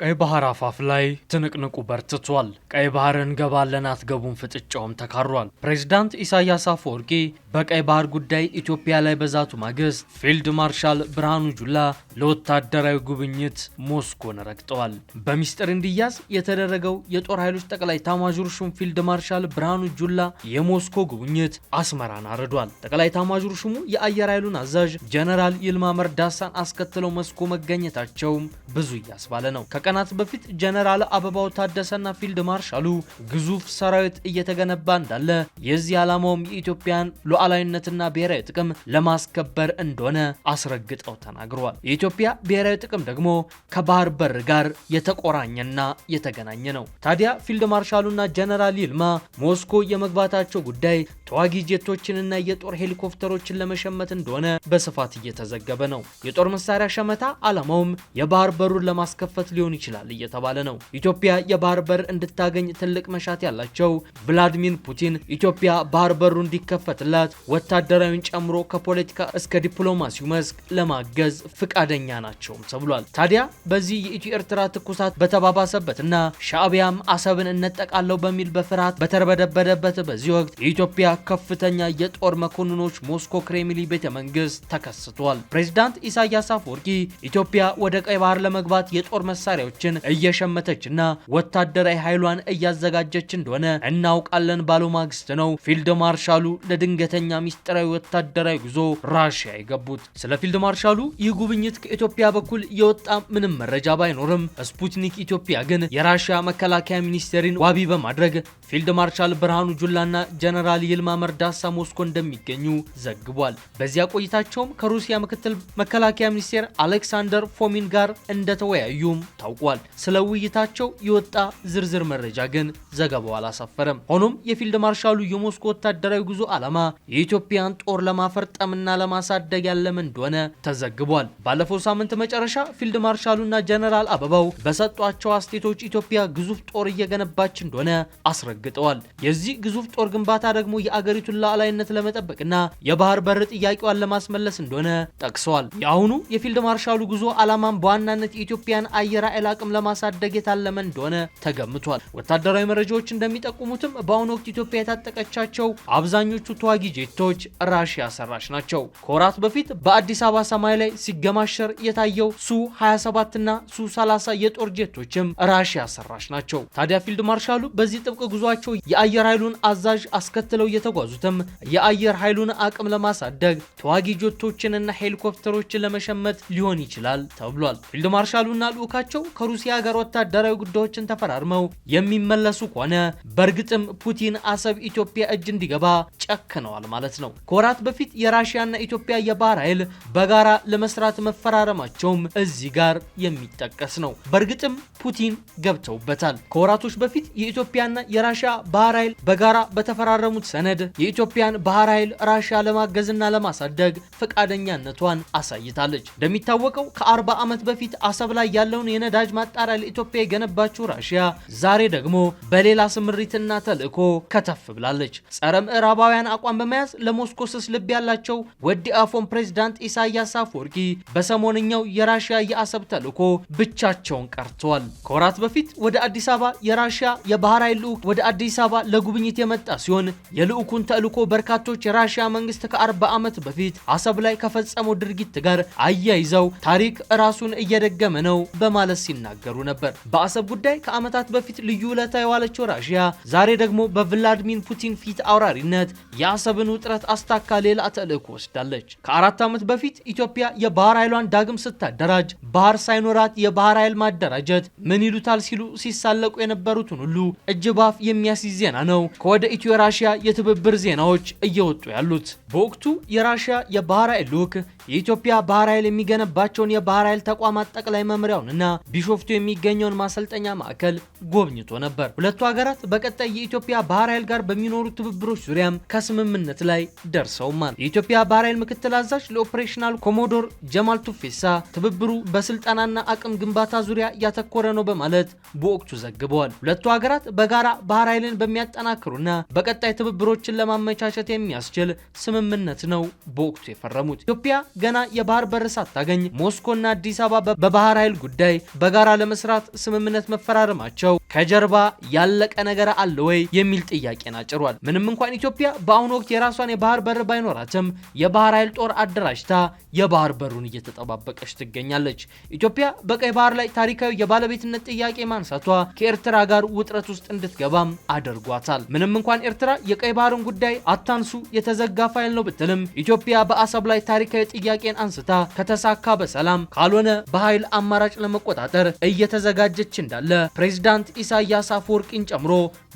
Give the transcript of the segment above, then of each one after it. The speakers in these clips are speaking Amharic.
ቀይ ባህር አፋፍ ላይ ትንቅንቁ በርትቷል። ቀይ ባህር እንገባለን አትገቡም ፍጥጫውም ተካሯል። ፕሬዚዳንት ኢሳያስ አፈወርቂ በቀይ ባህር ጉዳይ ኢትዮጵያ ላይ በዛቱ ማግስት ፊልድ ማርሻል ብርሃኑ ጁላ ለወታደራዊ ጉብኝት ሞስኮን ረግጠዋል። በሚስጥር እንዲያዝ የተደረገው የጦር ኃይሎች ጠቅላይ ኤታማዦር ሹም ፊልድ ማርሻል ብርሃኑ ጁላ የሞስኮ ጉብኝት አስመራን አርዷል። ጠቅላይ ኤታማዦር ሹሙ የአየር ኃይሉን አዛዥ ጀነራል ይልማ መርዳሳን አስከትለው ሞስኮ መገኘታቸውም ብዙ እያስባለ ነው። ከቀናት በፊት ጀነራል አበባው ታደሰና ፊልድ ማርሻሉ ግዙፍ ሰራዊት እየተገነባ እንዳለ የዚህ ዓላማውም የኢትዮጵያን ሉዓላዊነትና ብሔራዊ ጥቅም ለማስከበር እንደሆነ አስረግጠው ተናግረዋል። የኢትዮጵያ ብሔራዊ ጥቅም ደግሞ ከባህር በር ጋር የተቆራኘና የተገናኘ ነው። ታዲያ ፊልድ ማርሻሉና ጀነራል ይልማ ሞስኮ የመግባታቸው ጉዳይ ተዋጊ ጄቶችንና የጦር ሄሊኮፕተሮችን ለመሸመት እንደሆነ በስፋት እየተዘገበ ነው። የጦር መሳሪያ ሸመታ ዓላማውም የባህር በሩን ለማስከፈት ሊሆን ይችላል እየተባለ ነው። ኢትዮጵያ የባህር በር እንድታገኝ ትልቅ መሻት ያላቸው ቭላዲሚር ፑቲን ኢትዮጵያ ባህር በሩ እንዲከፈትላት ወታደራዊን ጨምሮ ከፖለቲካ እስከ ዲፕሎማሲው መስክ ለማገዝ ፍቃደኛ ናቸውም ተብሏል። ታዲያ በዚህ የኢትዮ ኤርትራ ትኩሳት በተባባሰበትና ሻዕቢያም አሰብን እነጠቃለው በሚል በፍርሃት በተርበደበደበት በዚህ ወቅት የኢትዮጵያ ከፍተኛ የጦር መኮንኖች ሞስኮ ክሬምሊ ቤተ መንግስት ተከስቷል። ፕሬዚዳንት ኢሳያስ አፈወርቂ ኢትዮጵያ ወደ ቀይ ባህር ለመግባት የጦር መሳሪያዎችን እየሸመተችና ወታደራዊ ኃይሏን እያዘጋጀች እንደሆነ እናውቃለን ባሉ ማግስት ነው ፊልድ ማርሻሉ ለድንገተኛ ሚስጥራዊ ወታደራዊ ጉዞ ራሽያ የገቡት። ስለ ፊልድ ማርሻሉ ይህ ጉብኝት ከኢትዮጵያ በኩል የወጣ ምንም መረጃ ባይኖርም ስፑትኒክ ኢትዮጵያ ግን የራሽያ መከላከያ ሚኒስቴርን ዋቢ በማድረግ ፊልድ ማርሻል ብርሃኑ ጁላና ጀነራል ይልማ ይልማ መርዳሳ ሞስኮ እንደሚገኙ ዘግቧል። በዚያ ቆይታቸውም ከሩሲያ ምክትል መከላከያ ሚኒስቴር አሌክሳንደር ፎሚን ጋር እንደተወያዩም ታውቋል። ስለ ውይይታቸው የወጣ ዝርዝር መረጃ ግን ዘገባው አላሰፈረም። ሆኖም የፊልድ ማርሻሉ የሞስኮ ወታደራዊ ጉዞ ዓላማ የኢትዮጵያን ጦር ለማፈርጠምና ለማሳደግ ያለም እንደሆነ ተዘግቧል። ባለፈው ሳምንት መጨረሻ ፊልድ ማርሻሉና ጀነራል አበባው በሰጧቸው አስቴቶች ኢትዮጵያ ግዙፍ ጦር እየገነባች እንደሆነ አስረግጠዋል። የዚህ ግዙፍ ጦር ግንባታ ደግሞ የ የአገሪቱን ሉዓላዊነት ለመጠበቅና የባህር በር ጥያቄዋን ለማስመለስ እንደሆነ ጠቅሰዋል። የአሁኑ የፊልድ ማርሻሉ ጉዞ ዓላማም በዋናነት የኢትዮጵያን አየር ኃይል አቅም ለማሳደግ የታለመ እንደሆነ ተገምቷል። ወታደራዊ መረጃዎች እንደሚጠቁሙትም በአሁኑ ወቅት ኢትዮጵያ የታጠቀቻቸው አብዛኞቹ ተዋጊ ጄቶች ራሽያ ሰራሽ ናቸው። ከወራት በፊት በአዲስ አበባ ሰማይ ላይ ሲገማሸር የታየው ሱ 27 እና ሱ 30 የጦር ጄቶችም ራሽያ ሰራሽ ናቸው። ታዲያ ፊልድ ማርሻሉ በዚህ ጥብቅ ጉዟቸው የአየር ኃይሉን አዛዥ አስከትለው የተጓዙትም የአየር ኃይሉን አቅም ለማሳደግ ተዋጊ ጆቶችንና ሄሊኮፕተሮችን ለመሸመት ሊሆን ይችላል ተብሏል። ፊልድ ማርሻሉና ልዑካቸው ከሩሲያ ጋር ወታደራዊ ጉዳዮችን ተፈራርመው የሚመለሱ ከሆነ በእርግጥም ፑቲን አሰብ ኢትዮጵያ እጅ እንዲገባ ጨክነዋል ማለት ነው። ከወራት በፊት የራሽያና ኢትዮጵያ የባህር ኃይል በጋራ ለመስራት መፈራረማቸውም እዚህ ጋር የሚጠቀስ ነው። በእርግጥም ፑቲን ገብተውበታል። ከወራቶች በፊት የኢትዮጵያና የራሽያ ባህር ኃይል በጋራ በተፈራረሙት ሰነድ ረገድ የኢትዮጵያን ባህር ኃይል ራሽያ ለማገዝና ለማሳደግ ፈቃደኛነቷን አሳይታለች። እንደሚታወቀው ከ40 ዓመት በፊት አሰብ ላይ ያለውን የነዳጅ ማጣሪያ ለኢትዮጵያ የገነባችው ራሽያ ዛሬ ደግሞ በሌላ ስምሪትና ተልዕኮ ከተፍ ብላለች። ጸረ ምዕራባውያን አቋም በመያዝ ለሞስኮ ስስ ልብ ያላቸው ወዲ አፎን ፕሬዝዳንት ኢሳያስ አፈወርቂ በሰሞንኛው የራሽያ የአሰብ ተልዕኮ ብቻቸውን ቀርተዋል። ከወራት በፊት ወደ አዲስ አበባ የራሽያ የባህር ኃይል ልዑክ ወደ አዲስ አበባ ለጉብኝት የመጣ ሲሆን የልዑ የልዑኩን ተልዕኮ በርካቶች የራሽያ መንግስት ከአርባ ዓመት በፊት አሰብ ላይ ከፈጸመው ድርጊት ጋር አያይዘው ታሪክ ራሱን እየደገመ ነው በማለት ሲናገሩ ነበር። በአሰብ ጉዳይ ከዓመታት በፊት ልዩ ውለታ የዋለችው ራሽያ ዛሬ ደግሞ በቭላድሚር ፑቲን ፊት አውራሪነት የአሰብን ውጥረት አስታካ ሌላ ተልዕኮ ወስዳለች። ከአራት ዓመት በፊት ኢትዮጵያ የባህር ኃይሏን ዳግም ስታደራጅ ባህር ሳይኖራት የባህር ኃይል ማደራጀት ምን ይሉታል ሲሉ ሲሳለቁ የነበሩትን ሁሉ እጅ ባፍ የሚያስይዝ ዜና ነው ከወደ ኢትዮ ራሽያ የትብብ የትብብር ዜናዎች እየወጡ ያሉት። በወቅቱ የራሽያ የባህር ኃይል ልዑክ የኢትዮጵያ ባህር ኃይል የሚገነባቸውን የባህር ኃይል ተቋማት ጠቅላይ መምሪያውን እና ቢሾፍቱ የሚገኘውን ማሰልጠኛ ማዕከል ጎብኝቶ ነበር። ሁለቱ ሀገራት በቀጣይ የኢትዮጵያ ባህር ኃይል ጋር በሚኖሩ ትብብሮች ዙሪያም ከስምምነት ላይ ደርሰውማል። የኢትዮጵያ ባህር ኃይል ምክትል አዛዥ ለኦፕሬሽናል ኮሞዶር ጀማል ቱፌሳ ትብብሩ በስልጠናና አቅም ግንባታ ዙሪያ ያተኮረ ነው በማለት በወቅቱ ዘግበዋል። ሁለቱ ሀገራት በጋራ ባህር ኃይልን በሚያጠናክሩና በቀጣይ ትብብሮችን ለማመቻቸት የሚያስችል ስምምነት ነው በወቅቱ የፈረሙት። ኢትዮጵያ ገና የባህር በር ሳታገኝ ሞስኮና አዲስ አበባ በባህር ኃይል ጉዳይ በጋራ ለመስራት ስምምነት መፈራረማቸው ከጀርባ ያለቀ ነገር አለ ወይ የሚል ጥያቄን አጭሯል። ምንም እንኳን ኢትዮጵያ በአሁኑ ወቅት የራሷን የባህር በር ባይኖራትም የባህር ኃይል ጦር አደራጅታ የባህር በሩን እየተጠባበቀች ትገኛለች። ኢትዮጵያ በቀይ ባህር ላይ ታሪካዊ የባለቤትነት ጥያቄ ማንሳቷ ከኤርትራ ጋር ውጥረት ውስጥ እንድትገባም አድርጓታል። ምንም እንኳን ኤርትራ የቀይ ባህርን ጉዳይ አታንሱ የተዘጋ ፋይል ነው ብትልም ኢትዮጵያ በአሰብ ላይ ታሪካዊ ጥያቄን አንስታ ከተሳካ በሰላም ካልሆነ በኃይል አማራጭ ለመቆጣጠር እየተዘጋጀች እንዳለ ፕሬዚዳንት ኢሳያስ አፈወርቂን ጨምሮ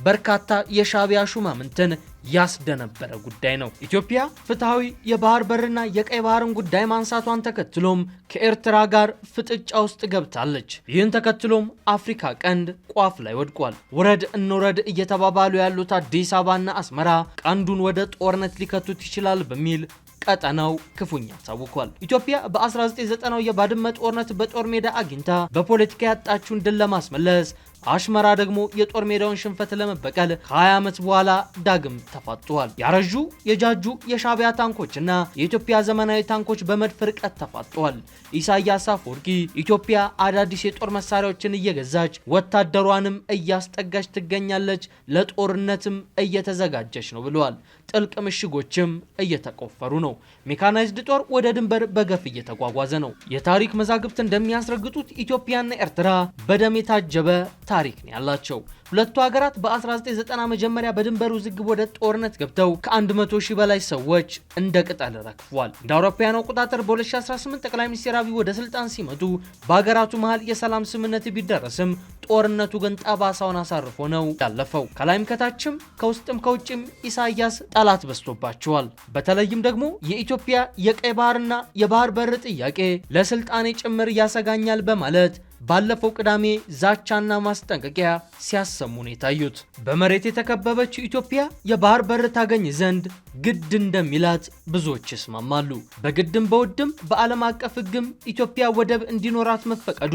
በርካታ የሻቢያ ሹማምንትን ያስደነበረ ጉዳይ ነው። ኢትዮጵያ ፍትሐዊ የባህር በርና የቀይ ባህርን ጉዳይ ማንሳቷን ተከትሎም ከኤርትራ ጋር ፍጥጫ ውስጥ ገብታለች። ይህን ተከትሎም አፍሪካ ቀንድ ቋፍ ላይ ወድቋል። ውረድ እንውረድ እየተባባሉ ያሉት አዲስ አበባና አስመራ ቀንዱን ወደ ጦርነት ሊከቱት ይችላል በሚል ቀጠናው ክፉኛ ታውኳል። ኢትዮጵያ በ1990 የባድመ ጦርነት በጦር ሜዳ አግኝታ በፖለቲካ ያጣችውን ድል ለማስመለስ አሽመራ ደግሞ የጦር ሜዳውን ሽንፈት ለመበቀል ከ20 ዓመት በኋላ ዳግም ተፋጧል። ያረጁ የጃጁ የሻቢያ ታንኮችና የኢትዮጵያ ዘመናዊ ታንኮች በመድፍ ርቀት ተፋጧል። ኢሳያስ አፈወርቂ ኢትዮጵያ አዳዲስ የጦር መሳሪያዎችን እየገዛች ወታደሯንም እያስጠጋች ትገኛለች፣ ለጦርነትም እየተዘጋጀች ነው ብለዋል። ጥልቅ ምሽጎችም እየተቆፈሩ ነው። ሜካናይዝድ ጦር ወደ ድንበር በገፍ እየተጓጓዘ ነው። የታሪክ መዛግብት እንደሚያስረግጡት ኢትዮጵያና ኤርትራ በደም የታጀበ ታሪክ ነው ያላቸው። ሁለቱ ሀገራት በ1990 መጀመሪያ በድንበር ውዝግብ ወደ ጦርነት ገብተው ከ100 ሺህ በላይ ሰዎች እንደ ቅጠል ረግፏል። እንደ አውሮፓውያን አቆጣጠር በ2018 ጠቅላይ ሚኒስትር አብይ ወደ ስልጣን ሲመጡ በሀገራቱ መሀል የሰላም ስምምነት ቢደረስም ጦርነቱ ግን ጠባሳውን አሳርፎ ነው ያለፈው። ከላይም ከታችም ከውስጥም ከውጭም ኢሳያስ ጠላት በዝቶባቸዋል። በተለይም ደግሞ የኢትዮጵያ የቀይ ባህርና የባህር በር ጥያቄ ለስልጣኔ ጭምር ያሰጋኛል በማለት ባለፈው ቅዳሜ ዛቻና ማስጠንቀቂያ ሲያሰሙ ነው የታዩት። በመሬት የተከበበችው ኢትዮጵያ የባህር በር ታገኝ ዘንድ ግድ እንደሚላት ብዙዎች ይስማማሉ። በግድም በውድም በዓለም አቀፍ ሕግም ኢትዮጵያ ወደብ እንዲኖራት መፈቀዱ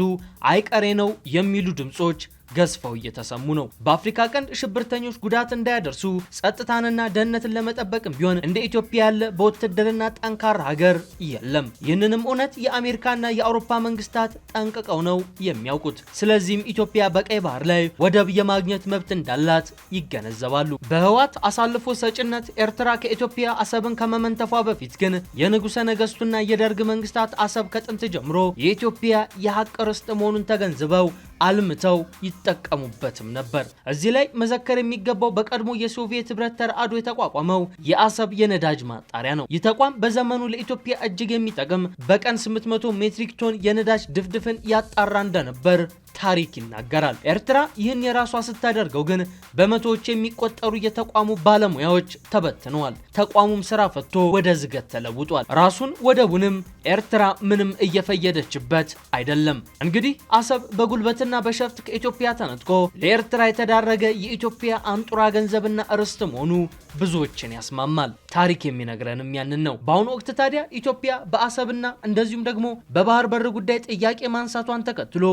አይቀሬ ነው የሚሉ ድምጾች ገዝፈው እየተሰሙ ነው። በአፍሪካ ቀንድ ሽብርተኞች ጉዳት እንዳያደርሱ ጸጥታንና ደህንነትን ለመጠበቅም ቢሆን እንደ ኢትዮጵያ ያለ በውትድርና ጠንካራ ሀገር የለም። ይህንንም እውነት የአሜሪካና የአውሮፓ መንግስታት ጠንቅቀው ነው የሚያውቁት። ስለዚህም ኢትዮጵያ በቀይ ባህር ላይ ወደብ የማግኘት መብት እንዳላት ይገነዘባሉ። በህዋት አሳልፎ ሰጭነት ኤርትራ ከኢትዮጵያ አሰብን ከመመንተፏ በፊት ግን የንጉሰ ነገስቱና የደርግ መንግስታት አሰብ ከጥንት ጀምሮ የኢትዮጵያ የሀቅ ርስት መሆኑን ተገንዝበው አልምተው ይጠቀሙበትም ነበር። እዚህ ላይ መዘከር የሚገባው በቀድሞ የሶቪየት ህብረት ተርአዶ የተቋቋመው የአሰብ የነዳጅ ማጣሪያ ነው። ይህ ተቋም በዘመኑ ለኢትዮጵያ እጅግ የሚጠቅም በቀን 800 ሜትሪክ ቶን የነዳጅ ድፍድፍን ያጣራ እንደነበር ታሪክ ይናገራል። ኤርትራ ይህን የራሷ ስታደርገው ግን በመቶዎች የሚቆጠሩ የተቋሙ ባለሙያዎች ተበትነዋል። ተቋሙም ስራ ፈቶ ወደ ዝገት ተለውጧል። ራሱን ወደቡንም ኤርትራ ምንም እየፈየደችበት አይደለም። እንግዲህ አሰብ በጉልበትና በሸፍት ከኢትዮጵያ ተነጥቆ ለኤርትራ የተዳረገ የኢትዮጵያ አንጡራ ገንዘብና ርስት መሆኑ ብዙዎችን ያስማማል። ታሪክ የሚነግረንም ያንን ነው። በአሁኑ ወቅት ታዲያ ኢትዮጵያ በአሰብና እንደዚሁም ደግሞ በባህር በር ጉዳይ ጥያቄ ማንሳቷን ተከትሎ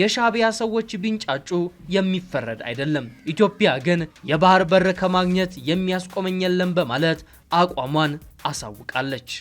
የሻ የሻዕቢያ ሰዎች ቢንጫጩ የሚፈረድ አይደለም። ኢትዮጵያ ግን የባህር በር ከማግኘት የሚያስቆመኝ የለም በማለት አቋሟን አሳውቃለች።